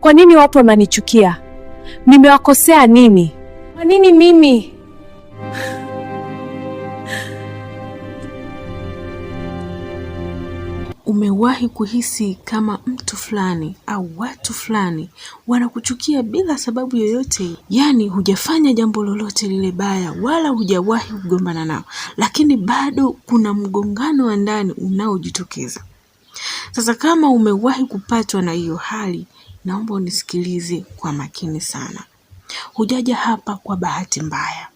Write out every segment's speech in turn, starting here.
Kwa nini watu wananichukia? Nimewakosea nini? Kwa nini mimi? Umewahi kuhisi kama mtu fulani au watu fulani wanakuchukia bila sababu yoyote? Yaani hujafanya jambo lolote lile baya wala hujawahi kugombana nao, lakini bado kuna mgongano wa ndani unaojitokeza. Sasa kama umewahi kupatwa na hiyo hali, naomba unisikilize kwa makini sana. Hujaja hapa kwa bahati mbaya.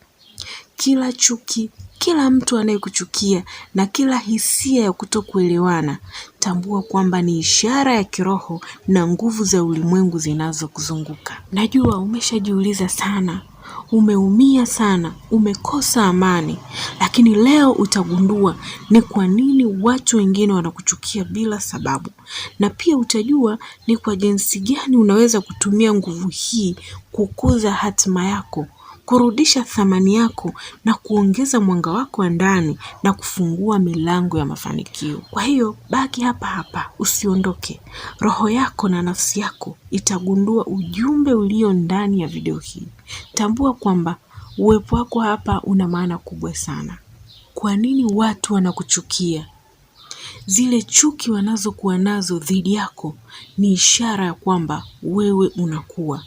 Kila chuki, kila mtu anayekuchukia na kila hisia ya kutokuelewana, tambua kwamba ni ishara ya kiroho na nguvu za ulimwengu zinazokuzunguka. Najua umeshajiuliza sana umeumia sana, umekosa amani, lakini leo utagundua ni kwa nini watu wengine wanakuchukia bila sababu, na pia utajua ni kwa jinsi gani unaweza kutumia nguvu hii kukuza hatima yako kurudisha thamani yako na kuongeza mwanga wako wa ndani na kufungua milango ya mafanikio. Kwa hiyo baki hapa hapa, usiondoke. Roho yako na nafsi yako itagundua ujumbe ulio ndani ya video hii. Tambua kwamba uwepo wako hapa una maana kubwa sana. Kwa nini watu wanakuchukia? Zile chuki wanazokuwa nazo dhidi yako ni ishara ya kwamba wewe unakua.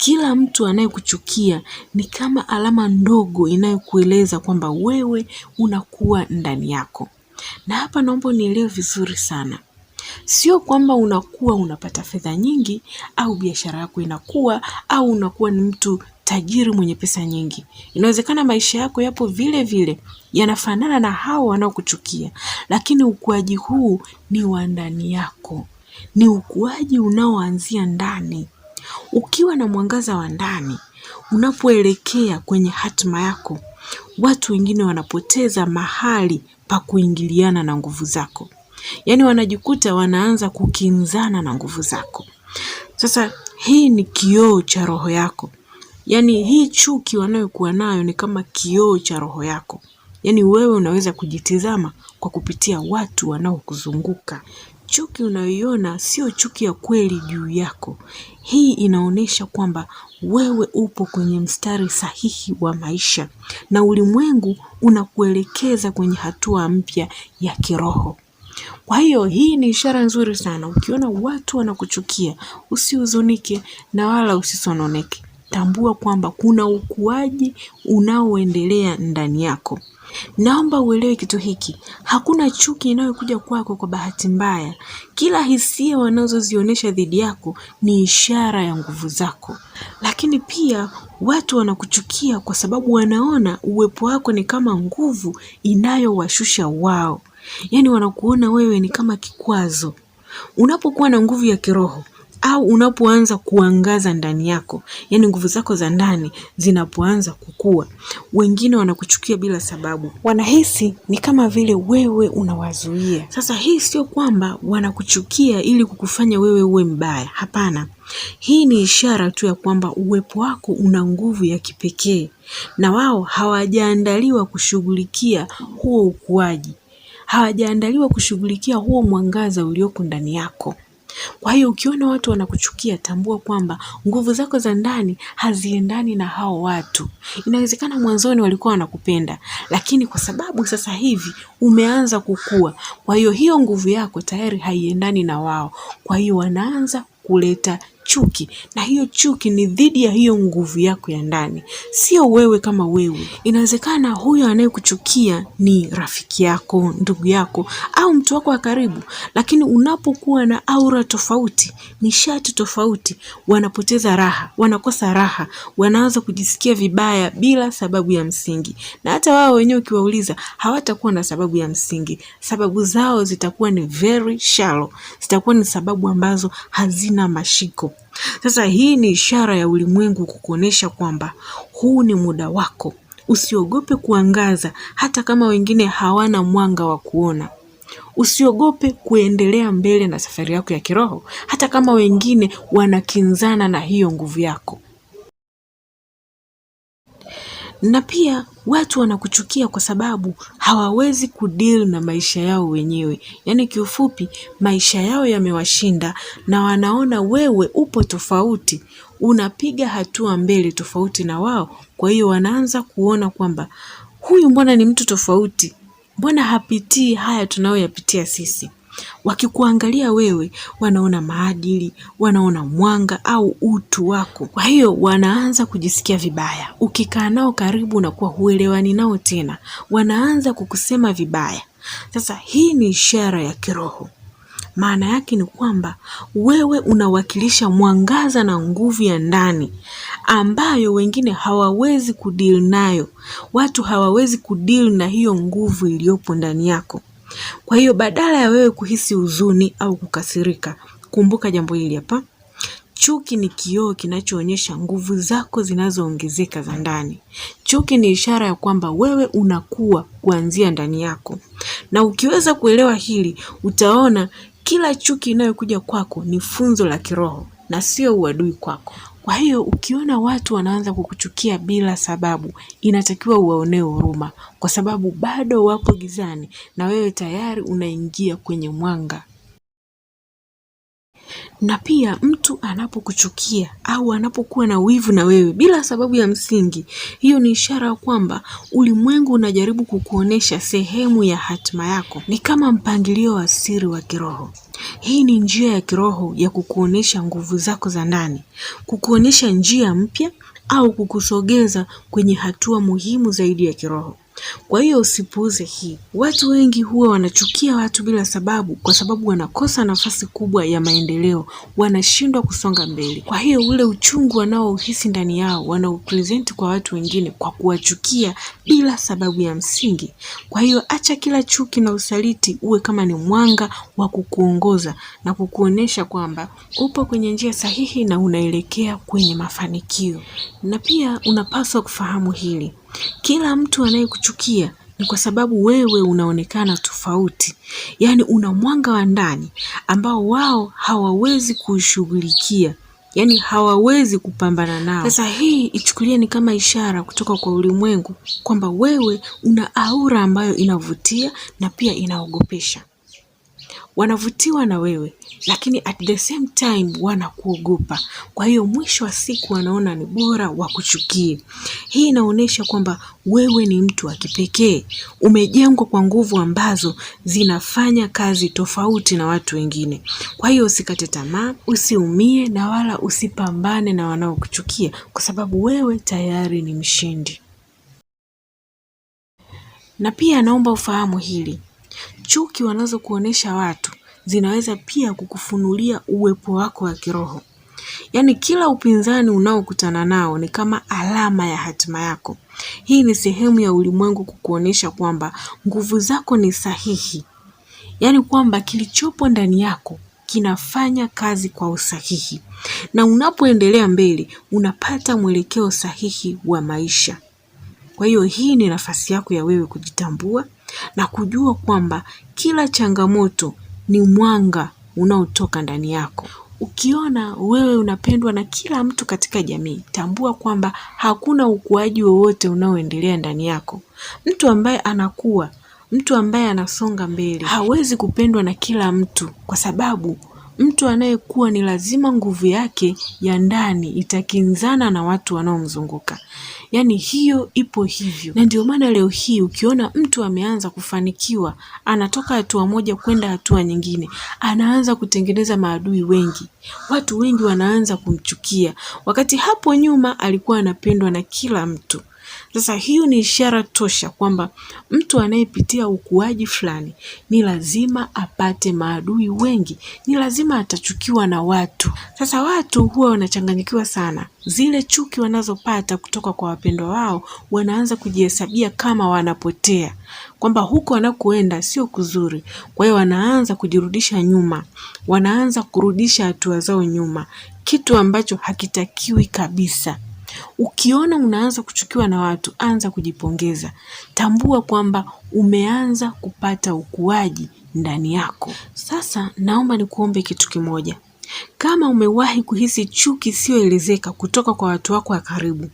Kila mtu anayekuchukia ni kama alama ndogo inayokueleza kwamba wewe unakuwa ndani yako. Na hapa naomba nielewe vizuri sana, sio kwamba unakuwa unapata fedha nyingi au biashara yako inakuwa au unakuwa ni mtu tajiri mwenye pesa nyingi. Inawezekana maisha yako yapo vile vile, yanafanana na hao wanaokuchukia, lakini ukuaji huu ni wa ndani yako, ni ukuaji unaoanzia ndani. Ukiwa na mwangaza wa ndani, unapoelekea kwenye hatima yako, watu wengine wanapoteza mahali pa kuingiliana na nguvu zako, yaani wanajikuta wanaanza kukinzana na nguvu zako. Sasa hii ni kioo cha roho yako, yaani hii chuki wanayokuwa nayo ni kama kioo cha roho yako, yaani wewe unaweza kujitizama kwa kupitia watu wanaokuzunguka. Chuki unayoiona sio chuki ya kweli juu yako, hii inaonyesha kwamba wewe upo kwenye mstari sahihi wa maisha na ulimwengu unakuelekeza kwenye hatua mpya ya kiroho. Kwa hiyo hii ni ishara nzuri sana. Ukiona watu wanakuchukia, usihuzunike na wala usisononeke. Tambua kwamba kuna ukuaji unaoendelea ndani yako. Naomba uelewe kitu hiki, hakuna chuki inayokuja kwako kwa bahati mbaya. Kila hisia wanazozionyesha dhidi yako ni ishara ya nguvu zako. Lakini pia watu wanakuchukia kwa sababu wanaona uwepo wako ni kama nguvu inayowashusha wao, yaani wanakuona wewe ni kama kikwazo. Unapokuwa na nguvu ya kiroho au unapoanza kuangaza ndani yako, yaani nguvu zako za ndani zinapoanza kukua, wengine wanakuchukia bila sababu, wanahisi ni kama vile wewe unawazuia. Sasa hii sio kwamba wanakuchukia ili kukufanya wewe uwe mbaya, hapana. Hii ni ishara tu ya kwamba uwepo wako una nguvu ya kipekee na wao hawajaandaliwa kushughulikia huo ukuaji, hawajaandaliwa kushughulikia huo mwangaza ulioko ndani yako. Kwa hiyo ukiona watu wanakuchukia, tambua kwamba nguvu zako za ndani haziendani na hao watu. Inawezekana mwanzoni walikuwa wanakupenda, lakini kwa sababu sasa hivi umeanza kukua, kwa hiyo hiyo nguvu yako tayari haiendani na wao, kwa hiyo wanaanza kuleta chuki, na hiyo chuki ni dhidi ya hiyo nguvu yako ya ndani, sio wewe kama wewe. Inawezekana huyo anayekuchukia ni rafiki yako, ndugu yako, au mtu wako wa karibu, lakini unapokuwa na aura tofauti, nishati tofauti, wanapoteza raha, wanakosa raha, wanaanza kujisikia vibaya bila sababu ya msingi, na hata wao wenyewe ukiwauliza hawatakuwa na sababu ya msingi. Sababu zao zitakuwa ni very shallow, zitakuwa ni sababu ambazo hazina mashiko. Sasa hii ni ishara ya ulimwengu kukuonesha kwamba huu ni muda wako. Usiogope kuangaza hata kama wengine hawana mwanga wa kuona. Usiogope kuendelea mbele na safari yako ya kiroho hata kama wengine wanakinzana na hiyo nguvu yako na pia watu wanakuchukia kwa sababu hawawezi kudeal na maisha yao wenyewe. Yaani kiufupi, maisha yao yamewashinda na wanaona wewe upo tofauti, unapiga hatua mbele tofauti na wao. Kwa hiyo wanaanza kuona kwamba huyu mbona ni mtu tofauti, mbona hapitii haya tunayoyapitia sisi. Wakikuangalia wewe, wanaona maadili, wanaona mwanga au utu wako. Kwa hiyo wanaanza kujisikia vibaya. Ukikaa nao karibu, na kuwa huelewani nao tena, wanaanza kukusema vibaya. Sasa hii ni ishara ya kiroho. Maana yake ni kwamba wewe unawakilisha mwangaza na nguvu ya ndani ambayo wengine hawawezi kudili nayo. Watu hawawezi kudili na hiyo nguvu iliyopo ndani yako. Kwa hiyo badala ya wewe kuhisi huzuni au kukasirika, kumbuka jambo hili hapa. Chuki ni kioo kinachoonyesha nguvu zako zinazoongezeka za ndani. Chuki ni ishara ya kwamba wewe unakuwa kuanzia ndani yako, na ukiweza kuelewa hili utaona kila chuki inayokuja kwako ni funzo la kiroho na sio uadui kwako. Kwa hiyo ukiona watu wanaanza kukuchukia bila sababu, inatakiwa uwaonee huruma, kwa sababu bado wapo gizani na wewe tayari unaingia kwenye mwanga. Na pia mtu anapokuchukia au anapokuwa na wivu na wewe bila sababu ya msingi, hiyo ni ishara ya kwamba ulimwengu unajaribu kukuonesha sehemu ya hatima yako. Ni kama mpangilio wa siri wa kiroho. Hii ni njia ya kiroho ya kukuonesha nguvu zako za ndani, kukuonesha njia mpya au kukusogeza kwenye hatua muhimu zaidi ya kiroho. Kwa hiyo usipuuze hii. Watu wengi huwa wanachukia watu bila sababu, kwa sababu wanakosa nafasi kubwa ya maendeleo, wanashindwa kusonga mbele. Kwa hiyo ule uchungu wanaohisi ndani yao wanaupresent kwa watu wengine kwa kuwachukia bila sababu ya msingi. Kwa hiyo acha kila chuki na usaliti uwe kama ni mwanga wa kukuongoza na kukuonesha kwamba upo kwenye njia sahihi na unaelekea kwenye mafanikio. Na pia unapaswa kufahamu hili kila mtu anayekuchukia ni kwa sababu wewe unaonekana tofauti, yaani una mwanga wa ndani ambao wao hawawezi kushughulikia yaani hawawezi kupambana nao. Sasa hii ichukulie ni kama ishara kutoka kwa ulimwengu kwamba wewe una aura ambayo inavutia na pia inaogopesha wanavutiwa na wewe, lakini at the same time wanakuogopa. Kwa hiyo mwisho wa siku wanaona ni bora wakuchukie. Hii inaonyesha kwamba wewe ni mtu wa kipekee, umejengwa kwa nguvu ambazo zinafanya kazi tofauti na watu wengine. Kwa hiyo usikate tamaa, usiumie na wala usipambane na wanaokuchukia, kwa sababu wewe tayari ni mshindi. Na pia naomba ufahamu hili chuki wanazokuonesha watu zinaweza pia kukufunulia uwepo wako wa kiroho. Yaani kila upinzani unaokutana nao ni kama alama ya hatima yako. Hii ni sehemu ya ulimwengu kukuonesha kwamba nguvu zako ni sahihi, yaani kwamba kilichopo ndani yako kinafanya kazi kwa usahihi, na unapoendelea mbele unapata mwelekeo sahihi wa maisha. Kwa hiyo hii ni nafasi yako ya wewe kujitambua, na kujua kwamba kila changamoto ni mwanga unaotoka ndani yako. Ukiona wewe unapendwa na kila mtu katika jamii, tambua kwamba hakuna ukuaji wowote unaoendelea ndani yako. Mtu ambaye anakua, mtu ambaye anasonga mbele, hawezi kupendwa na kila mtu kwa sababu mtu anayekuwa ni lazima nguvu yake ya ndani itakinzana na watu wanaomzunguka. Yaani hiyo ipo hivyo, na ndio maana leo hii ukiona mtu ameanza kufanikiwa, anatoka hatua moja kwenda hatua nyingine, anaanza kutengeneza maadui wengi, watu wengi wanaanza kumchukia, wakati hapo nyuma alikuwa anapendwa na kila mtu. Sasa hiyo ni ishara tosha kwamba mtu anayepitia ukuaji fulani ni lazima apate maadui wengi, ni lazima atachukiwa na watu. Sasa watu huwa wanachanganyikiwa sana, zile chuki wanazopata kutoka kwa wapendwa wao wanaanza kujihesabia kama wanapotea, kwamba huko wanakoenda sio kuzuri. Kwa hiyo wanaanza kujirudisha nyuma, wanaanza kurudisha hatua zao nyuma, kitu ambacho hakitakiwi kabisa. Ukiona unaanza kuchukiwa na watu, anza kujipongeza. Tambua kwamba umeanza kupata ukuaji ndani yako. Sasa naomba nikuombe kitu kimoja. Kama umewahi kuhisi chuki isiyoelezeka kutoka kwa watu wako wa karibu,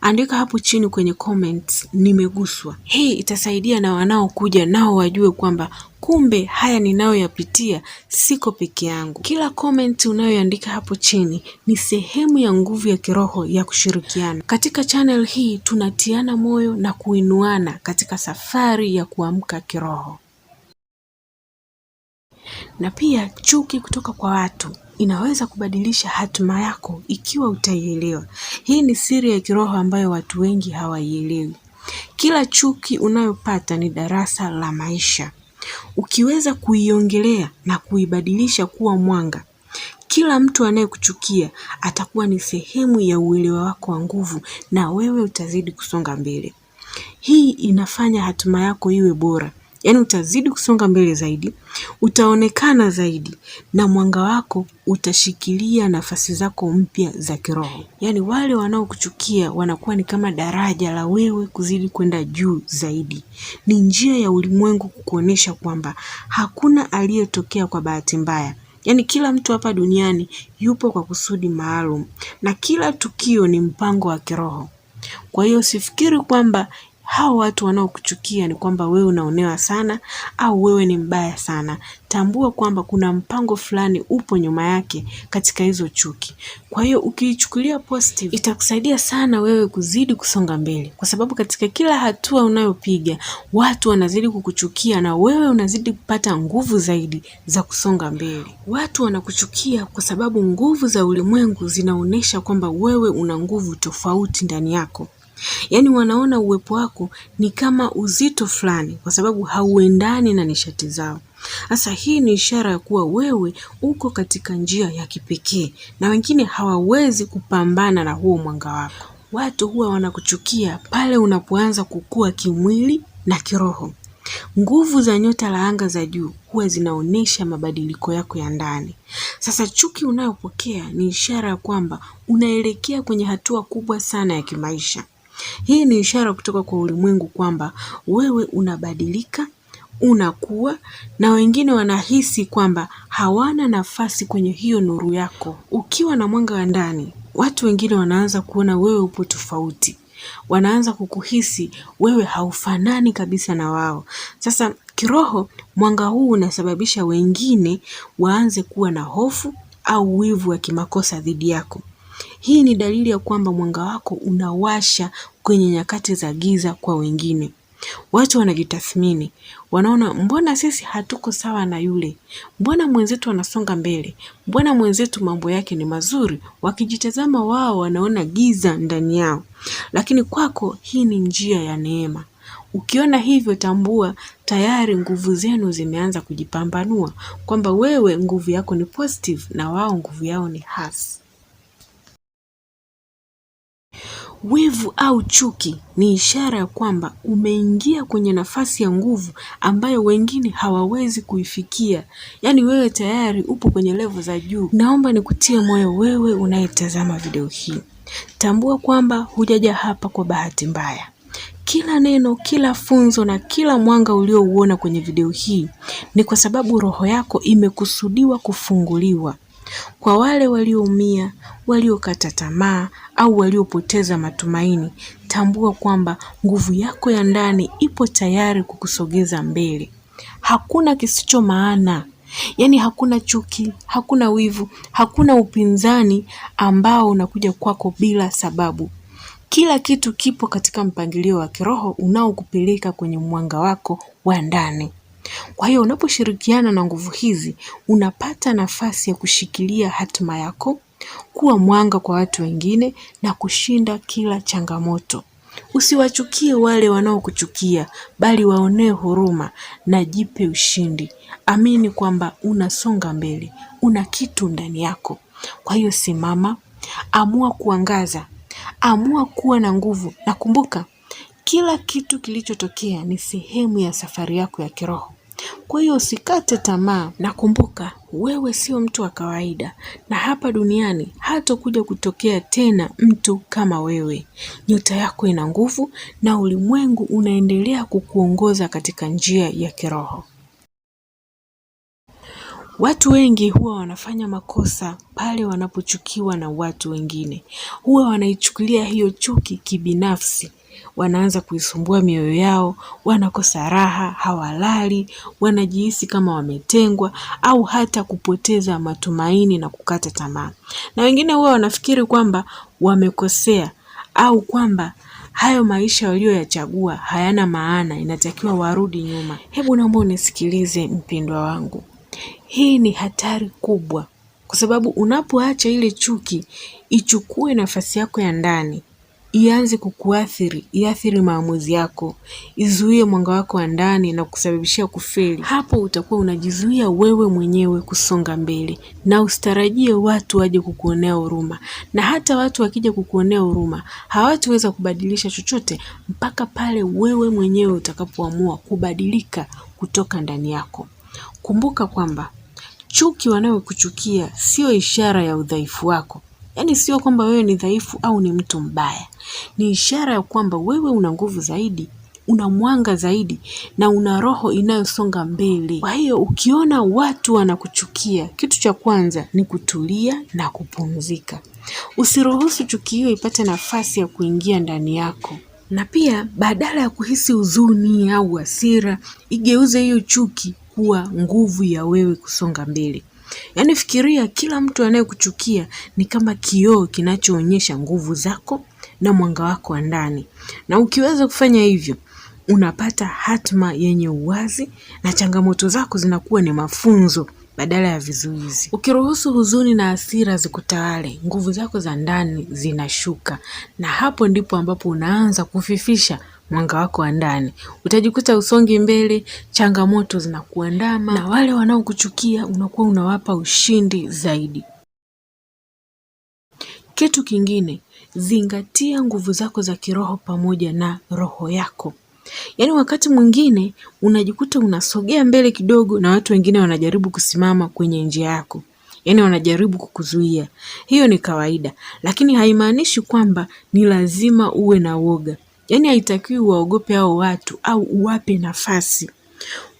Andika hapo chini kwenye comments nimeguswa. Hii itasaidia na wanaokuja nao wajue kwamba kumbe haya ninayoyapitia siko peke yangu. Kila comment unayoandika hapo chini ni sehemu ya nguvu ya kiroho ya kushirikiana. Katika channel hii tunatiana moyo na kuinuana katika safari ya kuamka kiroho. Na pia chuki kutoka kwa watu inaweza kubadilisha hatima yako ikiwa utaielewa. Hii ni siri ya kiroho ambayo watu wengi hawaielewi. Kila chuki unayopata ni darasa la maisha. Ukiweza kuiongelea na kuibadilisha kuwa mwanga, kila mtu anayekuchukia atakuwa ni sehemu ya uelewa wako wa nguvu, na wewe utazidi kusonga mbele. Hii inafanya hatima yako iwe bora yaani utazidi kusonga mbele zaidi, utaonekana zaidi na mwanga wako utashikilia nafasi zako mpya za kiroho. Yaani wale wanaokuchukia wanakuwa ni kama daraja la wewe kuzidi kwenda juu zaidi. Ni njia ya ulimwengu kukuonyesha kwamba hakuna aliyetokea kwa bahati mbaya. Yaani kila mtu hapa duniani yupo kwa kusudi maalum na kila tukio ni mpango wa kiroho. Kwa hiyo usifikiri kwamba hao watu wanaokuchukia ni kwamba wewe unaonewa sana au wewe ni mbaya sana. Tambua kwamba kuna mpango fulani upo nyuma yake katika hizo chuki. Kwa hiyo ukiichukulia positive, itakusaidia sana wewe kuzidi kusonga mbele, kwa sababu katika kila hatua unayopiga watu wanazidi kukuchukia na wewe unazidi kupata nguvu zaidi za kusonga mbele. Watu wanakuchukia kwa sababu nguvu za ulimwengu zinaonyesha kwamba wewe una nguvu tofauti ndani yako. Yaani wanaona uwepo wako ni kama uzito fulani kwa sababu hauendani na nishati zao. Sasa hii ni ishara ya kuwa wewe uko katika njia ya kipekee na wengine hawawezi kupambana na huo mwanga wako. Watu huwa wanakuchukia pale unapoanza kukua kimwili na kiroho. Nguvu za nyota la anga za juu huwa zinaonyesha mabadiliko yako ya ndani. Sasa chuki unayopokea ni ishara ya kwamba unaelekea kwenye hatua kubwa sana ya kimaisha. Hii ni ishara kutoka kwa ulimwengu kwamba wewe unabadilika, unakua na wengine wanahisi kwamba hawana nafasi kwenye hiyo nuru yako. Ukiwa na mwanga wa ndani, watu wengine wanaanza kuona wewe upo tofauti. Wanaanza kukuhisi wewe haufanani kabisa na wao. Sasa kiroho, mwanga huu unasababisha wengine waanze kuwa na hofu au wivu wa kimakosa dhidi yako. Hii ni dalili ya kwamba mwanga wako unawasha kwenye nyakati za giza kwa wengine. Watu wanajitathmini, wanaona mbona sisi hatuko sawa na yule, mbona mwenzetu anasonga mbele, mbona mwenzetu mambo yake ni mazuri. Wakijitazama wao wanaona giza ndani yao, lakini kwako hii ni njia ya neema. Ukiona hivyo, tambua tayari nguvu zenu zimeanza kujipambanua, kwamba wewe nguvu yako ni positive na wao nguvu yao ni hasi. Wivu au chuki ni ishara ya kwamba umeingia kwenye nafasi ya nguvu ambayo wengine hawawezi kuifikia, yaani wewe tayari upo kwenye levo za juu. Naomba nikutie moyo wewe unayetazama video hii, tambua kwamba hujaja hapa kwa bahati mbaya. Kila neno, kila funzo na kila mwanga uliouona kwenye video hii ni kwa sababu roho yako imekusudiwa kufunguliwa. Kwa wale walioumia, waliokata tamaa au waliopoteza matumaini, tambua kwamba nguvu yako ya ndani ipo tayari kukusogeza mbele. Hakuna kisicho maana, yaani hakuna chuki, hakuna wivu, hakuna upinzani ambao unakuja kwako bila sababu. Kila kitu kipo katika mpangilio wa kiroho unaokupeleka kwenye mwanga wako wa ndani. Kwa hiyo unaposhirikiana na nguvu hizi, unapata nafasi ya kushikilia hatima yako, kuwa mwanga kwa watu wengine na kushinda kila changamoto. Usiwachukie wale wanaokuchukia, bali waonee huruma na jipe ushindi. Amini kwamba unasonga mbele, una kitu ndani yako. Kwa hiyo simama, amua kuangaza, amua kuwa na nguvu, na kumbuka kila kitu kilichotokea ni sehemu ya safari yako ya kiroho. Kwa hiyo usikate tamaa na kumbuka wewe sio mtu wa kawaida na hapa duniani hatakuja kutokea tena mtu kama wewe. Nyota yako ina nguvu na ulimwengu unaendelea kukuongoza katika njia ya kiroho. Watu wengi huwa wanafanya makosa pale wanapochukiwa na watu wengine. Huwa wanaichukulia hiyo chuki kibinafsi wanaanza kuisumbua mioyo yao, wanakosa raha, hawalali, wanajihisi kama wametengwa au hata kupoteza matumaini na kukata tamaa. Na wengine huwa wanafikiri kwamba wamekosea au kwamba hayo maisha waliyoyachagua hayana maana, inatakiwa warudi nyuma. Hebu naomba unisikilize mpendwa wangu, hii ni hatari kubwa, kwa sababu unapoacha ile chuki ichukue nafasi yako ya ndani ianze kukuathiri, iathiri maamuzi yako, izuie mwanga wako wa ndani na kusababishia kufeli. Hapo utakuwa unajizuia wewe mwenyewe kusonga mbele, na usitarajie watu waje kukuonea huruma, na hata watu wakija kukuonea huruma hawatuweza kubadilisha chochote mpaka pale wewe mwenyewe utakapoamua kubadilika kutoka ndani yako. Kumbuka kwamba chuki wanayokuchukia sio ishara ya udhaifu wako, Yaani sio kwamba wewe ni dhaifu au ni mtu mbaya, ni ishara ya kwamba wewe una nguvu zaidi, una mwanga zaidi na una roho inayosonga mbele. Kwa hiyo ukiona watu wanakuchukia, kitu cha kwanza ni kutulia na kupumzika. Usiruhusu chuki hiyo ipate nafasi ya kuingia ndani yako na pia badala ya kuhisi huzuni au hasira, igeuze hiyo chuki kuwa nguvu ya wewe kusonga mbele. Yaani fikiria kila mtu anayekuchukia ni kama kioo kinachoonyesha nguvu zako na mwanga wako wa ndani. Na ukiweza kufanya hivyo, unapata hatma yenye uwazi na changamoto zako zinakuwa ni mafunzo badala ya vizuizi. Ukiruhusu huzuni na hasira zikutawale, nguvu zako za ndani zinashuka na hapo ndipo ambapo unaanza kufifisha mwanga wako wa ndani. Utajikuta usongi mbele, changamoto zinakuandama na wale wanaokuchukia unakuwa unawapa ushindi zaidi. Kitu kingine, zingatia nguvu zako za kiroho pamoja na roho yako. Yaani wakati mwingine unajikuta unasogea mbele kidogo na watu wengine wanajaribu kusimama kwenye njia yako, yaani wanajaribu kukuzuia. Hiyo ni kawaida, lakini haimaanishi kwamba ni lazima uwe na woga. Yaani haitakiwi uwaogope hao watu au uwape nafasi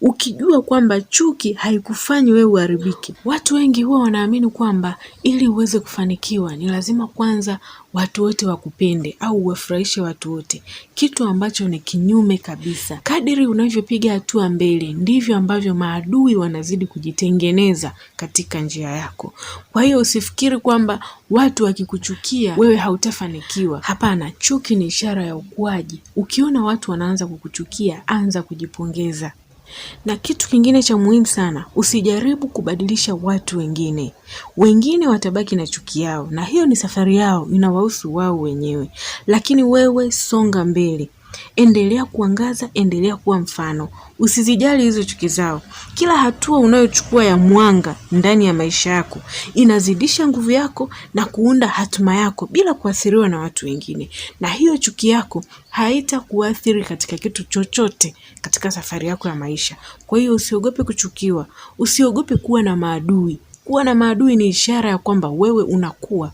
ukijua kwamba chuki haikufanyi wewe uharibike. Watu wengi huwa wanaamini kwamba ili uweze kufanikiwa ni lazima kwanza watu wote wakupende au uwafurahishe watu wote, kitu ambacho ni kinyume kabisa. Kadiri unavyopiga hatua mbele, ndivyo ambavyo maadui wanazidi kujitengeneza katika njia yako. Kwa hiyo usifikiri kwamba watu wakikuchukia wewe hautafanikiwa. Hapana, chuki ni ishara ya ukuaji. Ukiona watu wanaanza kukuchukia, anza kujipongeza. Na kitu kingine cha muhimu sana, usijaribu kubadilisha watu wengine. Wengine watabaki na chuki yao, na hiyo ni safari yao, inawahusu wao wenyewe, lakini wewe songa mbele endelea kuangaza, endelea kuwa mfano. Usizijali hizo chuki zao. Kila hatua unayochukua ya mwanga ndani ya maisha yako inazidisha nguvu yako na kuunda hatima yako bila kuathiriwa na watu wengine, na hiyo chuki yako haitakuathiri katika kitu chochote katika safari yako ya maisha. Kwa hiyo usiogope kuchukiwa, usiogope kuwa na maadui. Kuwa na maadui ni ishara ya kwamba wewe unakuwa.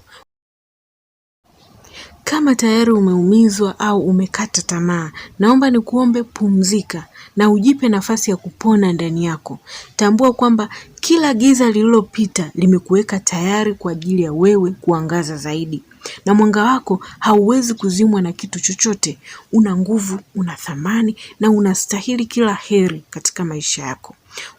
Kama tayari umeumizwa au umekata tamaa, naomba nikuombe pumzika na ujipe nafasi ya kupona ndani yako. Tambua kwamba kila giza lililopita limekuweka tayari kwa ajili ya wewe kuangaza zaidi na mwanga wako hauwezi kuzimwa na kitu chochote. Una nguvu, una thamani na unastahili kila heri katika maisha yako.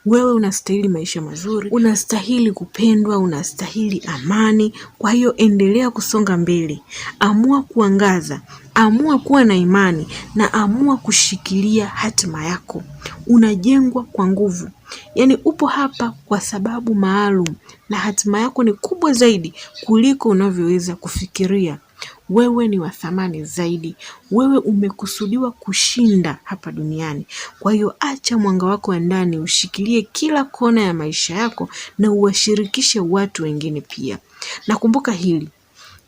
Wewe unastahili maisha mazuri, unastahili kupendwa, unastahili amani. Kwa hiyo endelea kusonga mbele, amua kuangaza, amua kuwa na imani na amua kushikilia hatima yako. Unajengwa kwa nguvu, Yaani upo hapa kwa sababu maalum na hatima yako ni kubwa zaidi kuliko unavyoweza kufikiria. Wewe ni wa thamani zaidi. Wewe umekusudiwa kushinda hapa duniani. Kwa hiyo acha mwanga wako wa ndani ushikilie kila kona ya maisha yako na uwashirikishe watu wengine pia. nakumbuka hili,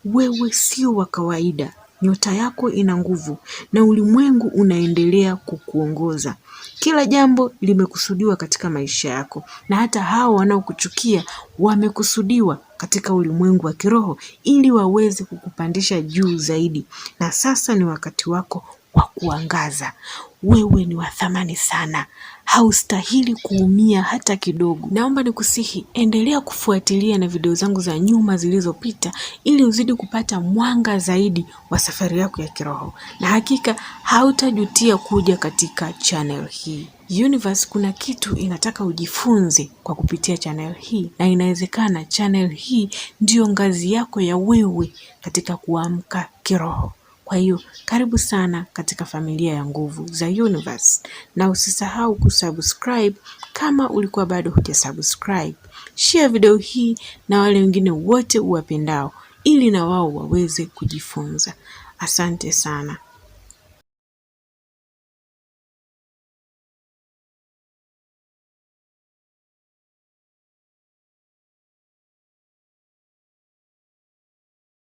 wewe sio wa kawaida nyota yako ina nguvu na ulimwengu unaendelea kukuongoza. Kila jambo limekusudiwa katika maisha yako, na hata hao wanaokuchukia wamekusudiwa katika ulimwengu wa kiroho ili waweze kukupandisha juu zaidi. Na sasa ni wakati wako wa kuangaza. Wewe ni wa thamani sana haustahili kuumia hata kidogo. Naomba nikusihi, endelea kufuatilia na video zangu za nyuma zilizopita, ili uzidi kupata mwanga zaidi wa safari yako ya kiroho, na hakika hautajutia kuja katika channel hii. Universe kuna kitu inataka ujifunze kwa kupitia channel hii, na inawezekana channel hii ndiyo ngazi yako ya wewe katika kuamka kiroho. Kwa hiyo karibu sana katika familia ya nguvu za universe, na usisahau kusubscribe kama ulikuwa bado hujasubscribe. Share video hii na wale wengine wote uwapendao, ili na wao waweze kujifunza. Asante sana.